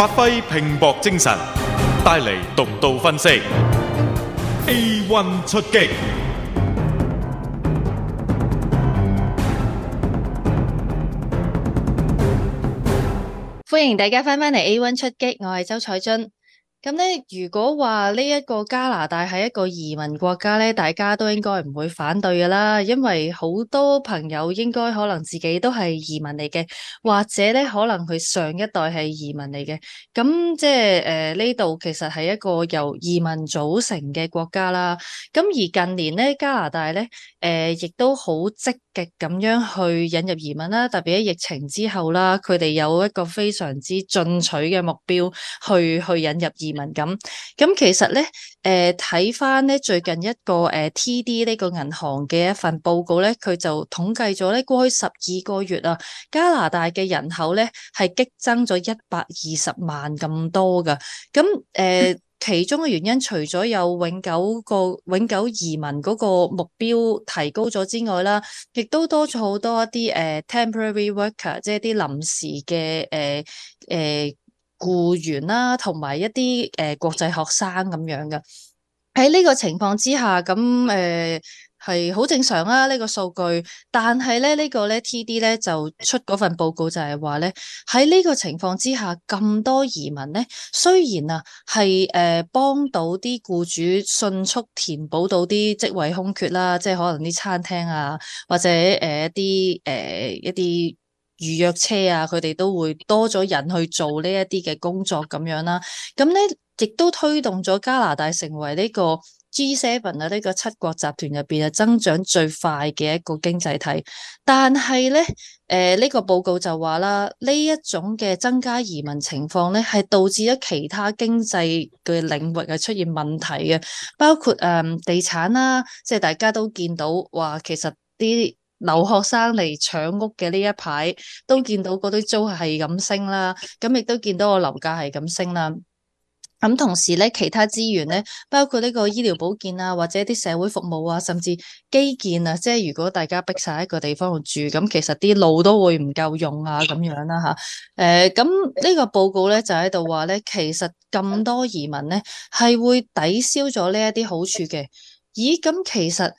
發揮拼搏精神，帶嚟獨到分析。A one 出擊，歡迎大家翻返嚟，A one 出擊，我係周采蓁。咁咧，如果話呢一個加拿大係一個移民國家咧，大家都應該唔會反對噶啦，因為好多朋友應該可能自己都係移民嚟嘅，或者咧可能佢上一代係移民嚟嘅，咁即係誒呢度其實係一個由移民組成嘅國家啦。咁而近年咧，加拿大咧誒、呃、亦都好積。極咁樣去引入移民啦，特別喺疫情之後啦，佢哋有一個非常之進取嘅目標，去去引入移民咁。咁其實咧，誒睇翻咧最近一個誒 TD 呢個銀行嘅一份報告咧，佢就統計咗咧過去十二個月啊，加拿大嘅人口咧係激增咗一百二十萬咁多噶。咁誒。呃 其中嘅原因，除咗有永久嘅永久移民嗰個目標提高咗之外啦，亦都多咗好多一啲誒、呃、temporary worker，即係啲臨時嘅誒誒僱員啦，同埋一啲誒、呃、國際學生咁樣嘅。喺呢個情況之下，咁、呃、誒。係好正常啊，呢、這個數據。但係咧，這個、呢個咧 TD 咧就出嗰份報告就係話咧，喺呢個情況之下，咁多移民咧，雖然啊係誒幫到啲僱主迅速填補到啲職位空缺啦，即係可能啲餐廳啊，或者誒一啲誒、呃、一啲預約車啊，佢哋都會多咗人去做呢一啲嘅工作咁樣啦、啊。咁咧亦都推動咗加拿大成為呢、這個。G seven 啊，呢個七國集團入邊啊，增長最快嘅一個經濟體，但係咧，誒、呃、呢、這個報告就話啦，呢一種嘅增加移民情況咧，係導致咗其他經濟嘅領域係出現問題嘅，包括誒、呃、地產啦，即係大家都見到話，其實啲留學生嚟搶屋嘅呢一排，都見到嗰啲租係咁升啦，咁亦都見到個樓價係咁升啦。咁同時咧，其他資源咧，包括呢個醫療保健啊，或者啲社會服務啊，甚至基建啊，即係如果大家逼晒喺一個地方度住，咁其實啲路都會唔夠用啊，咁樣啦、啊、吓，誒、呃，咁、這、呢個報告咧就喺度話咧，其實咁多移民咧係會抵消咗呢一啲好處嘅。咦？咁、嗯、其實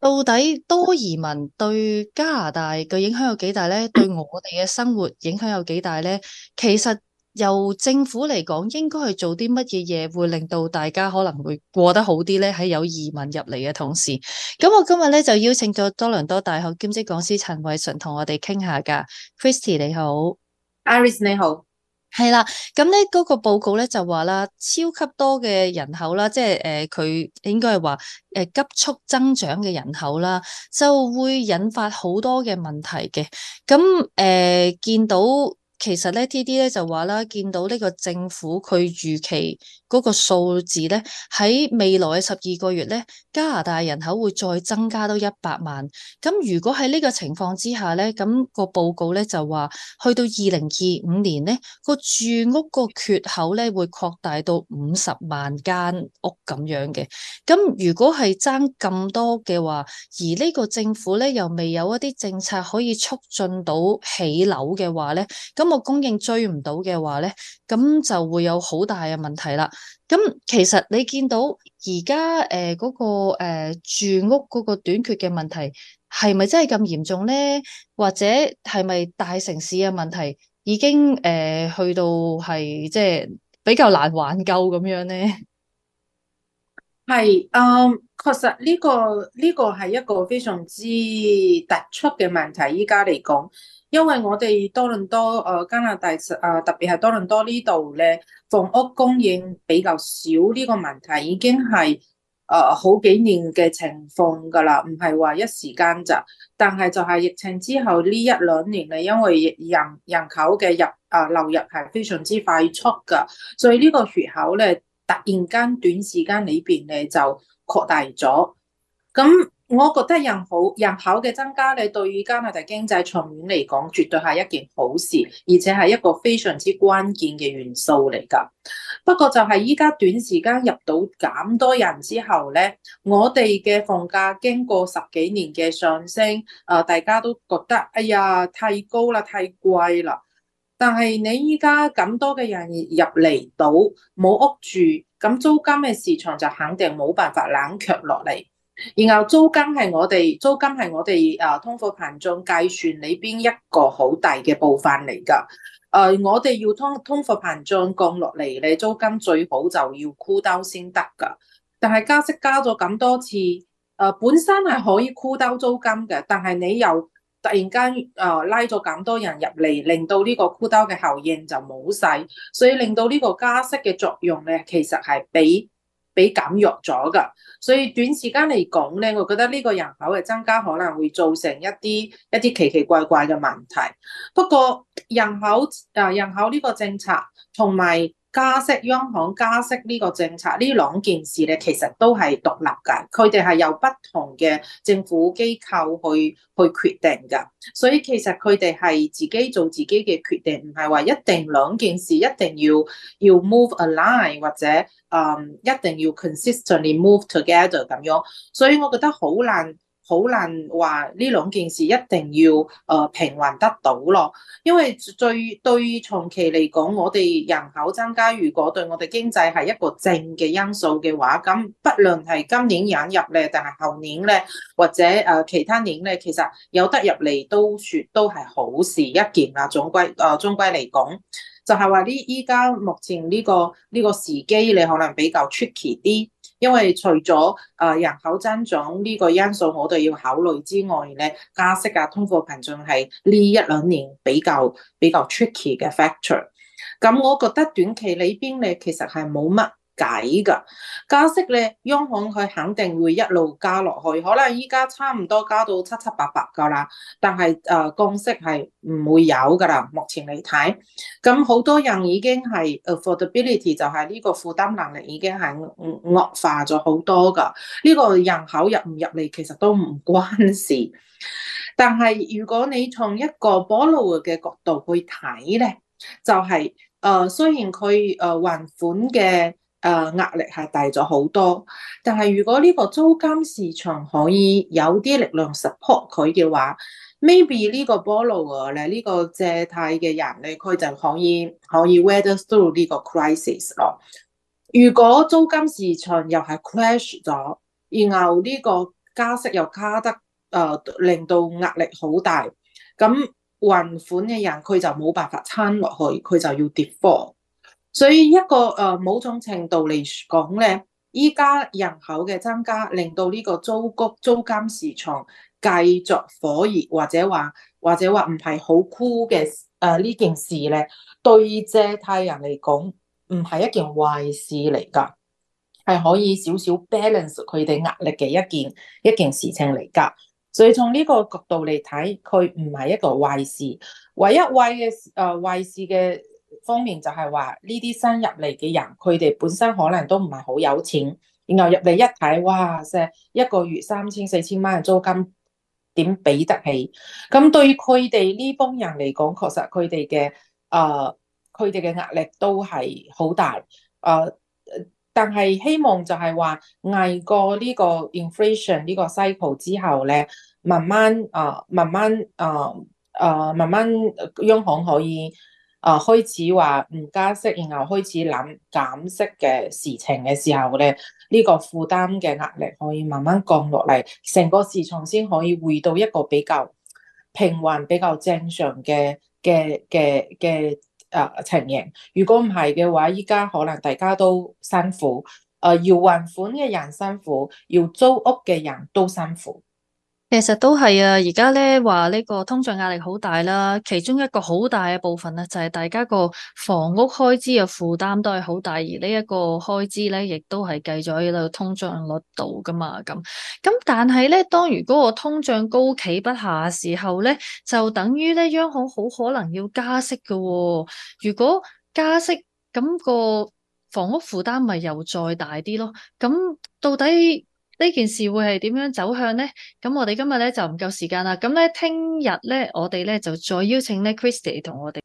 到底多移民對加拿大嘅影響有幾大咧？對我哋嘅生活影響有幾大咧？其實。由政府嚟講，應該去做啲乜嘢嘢會令到大家可能會過得好啲咧？喺有移民入嚟嘅同時，咁我今日咧就邀請咗多倫多大學兼職講師陳偉純同我哋傾下噶。Christy 你好，Iris 你好，係啦。咁咧嗰個報告咧就話啦，超級多嘅人口啦，即係誒，佢、呃、應該係話誒，急速增長嘅人口啦，就會引發好多嘅問題嘅。咁誒、呃、見到。其實咧，T.D. 咧就話啦，見到呢個政府佢預期嗰個數字咧，喺未來嘅十二個月咧，加拿大人口會再增加到一百萬。咁如果喺呢個情況之下咧，咁個報告咧就話，去到二零二五年咧，個住屋個缺口咧會擴大到五十萬間屋咁樣嘅。咁如果係爭咁多嘅話，而呢個政府咧又未有一啲政策可以促進到起樓嘅話咧，咁個供應追唔到嘅話咧，咁就會有好大嘅問題啦。咁其實你見到而家誒嗰個誒、呃、住屋嗰個短缺嘅問題係咪真係咁嚴重咧？或者係咪大城市嘅問題已經誒、呃、去到係即係比較難挽救，咁樣咧？係，嗯，確實呢、這個呢、這個係一個非常之突出嘅問題。依家嚟講，因為我哋多倫多，誒加拿大，誒特別係多倫多呢度咧，房屋供應比較少呢、這個問題，已經係誒、呃、好幾年嘅情況噶啦，唔係話一時間咋，但係就係疫情之後呢一兩年咧，因為人人口嘅入啊、呃、流入係非常之快速噶，所以呢個缺口咧。突然間短時間裏邊咧就擴大咗，咁我覺得人口人口嘅增加咧對於加拿大經濟層面嚟講絕對係一件好事，而且係一個非常之關鍵嘅元素嚟㗎。不過就係依家短時間入到咁多人之後咧，我哋嘅房價經過十幾年嘅上升，誒、呃、大家都覺得哎呀太高啦，太貴啦。但係你依家咁多嘅人入嚟到冇屋住，咁租金嘅市場就肯定冇辦法冷卻落嚟。然後租金係我哋，租金係我哋啊，通貨膨脹計算裏邊一個好大嘅部分嚟㗎。誒、呃，我哋要通通貨膨脹降落嚟，你租金最好就要箍兜先得㗎。但係加息加咗咁多次，誒、呃，本身係可以箍兜租金嘅，但係你又。突然間啊、呃，拉咗咁多人入嚟，令到呢個箍兜嘅效應就冇晒，所以令到呢個加息嘅作用咧，其實係俾俾減弱咗㗎。所以短時間嚟講咧，我覺得呢個人口嘅增加可能會造成一啲一啲奇奇怪怪嘅問題。不過人口啊、呃，人口呢個政策同埋。加息、央行加息呢個政策，呢兩件事咧，其實都係獨立㗎。佢哋係由不同嘅政府機構去去決定㗎。所以其實，佢哋係自己做自己嘅決定，唔係話一定兩件事一定要要 move align 或者誒、um, 一定要 consistently move together 咁樣，所以我覺得好難。好難話呢兩件事一定要誒、呃、平衡得到咯，因為最對於長期嚟講，我哋人口增加，如果對我哋經濟係一個正嘅因素嘅話，咁不論係今年引入咧，定係後年咧，或者誒、呃、其他年咧，其實有得入嚟都算都係好事一件啦。總歸誒、呃，總歸嚟講，就係話呢依家目前呢個呢個時機，你可能比較 tricky 啲。因為除咗誒人口增長呢個因素，我哋要考慮之外咧，加息啊，通貨膨脹係呢一兩年比較比較 tricky 嘅 factor。咁我覺得短期裏邊咧，其實係冇乜計㗎加息咧，央行佢肯定會一路加落去，可能依家差唔多加到七七八八㗎啦。但係誒降息係唔會有㗎啦，目前嚟睇。咁好多人已經係 affordability 就係呢個負擔能力已經係惡化咗好多㗎。呢、這個人口入唔入嚟其實都唔關事。但係如果你從一個 borrow 嘅角度去睇咧，就係、是、誒、呃、雖然佢誒、呃、還款嘅。誒、呃、壓力係大咗好多，但係如果呢個租金市場可以有啲力量 support 佢嘅話 ，maybe 呢個 borrower 咧，呢個借貸嘅人咧，佢就可以可以 weather through 呢個 crisis 咯。如果租金市場又係 crash 咗，然後呢個加息又加得誒、呃，令到壓力好大，咁還款嘅人佢就冇辦法撐落去，佢就要 default。所以一個誒、呃，某種程度嚟講咧，依家人口嘅增加令到呢個租屋、租金市場繼續火熱，或者話或者話唔係好 cool 嘅誒呢件事咧，對借貸人嚟講唔係一件壞事嚟㗎，係可以少少 balance 佢哋壓力嘅一件一件事情嚟㗎。所以從呢個角度嚟睇，佢唔係一個壞事，唯一壞嘅誒壞事嘅。方面就係話呢啲新入嚟嘅人，佢哋本身可能都唔係好有錢，然後入嚟一睇，哇！一個月三千四千蚊嘅租金，點俾得起？咁對佢哋呢幫人嚟講，確實佢哋嘅誒，佢哋嘅壓力都係好大。誒、呃，但係希望就係話捱過呢個 inflation 呢個 cycle 之後咧，慢慢誒、呃，慢慢誒誒、呃呃，慢慢央、呃呃呃、行可以。啊！開始話唔加息，然後開始諗減息嘅事情嘅時候咧，呢、呢個負擔嘅壓力可以慢慢降落嚟，成個市場先可以回到一個比較平穩、比較正常嘅嘅嘅嘅嘅啊情形。如果唔係嘅話，依家可能大家都辛苦，啊、呃，要還款嘅人辛苦，要租屋嘅人都辛苦。其實都係啊，而家咧話呢個通脹壓力好大啦，其中一個好大嘅部分咧就係大家個房屋開支嘅負擔都係好大，而呢一個開支咧亦都係計咗喺呢個通脹率度噶嘛，咁咁但係咧，當如果個通脹高企不下嘅時候咧，就等於咧央行好可能要加息嘅喎。如果加息，咁個房屋負擔咪又再大啲咯？咁到底？呢件事會係點樣走向呢？咁我哋今日咧就唔夠時間啦。咁咧，聽日咧，我哋咧就再邀請咧 Christy 同我哋。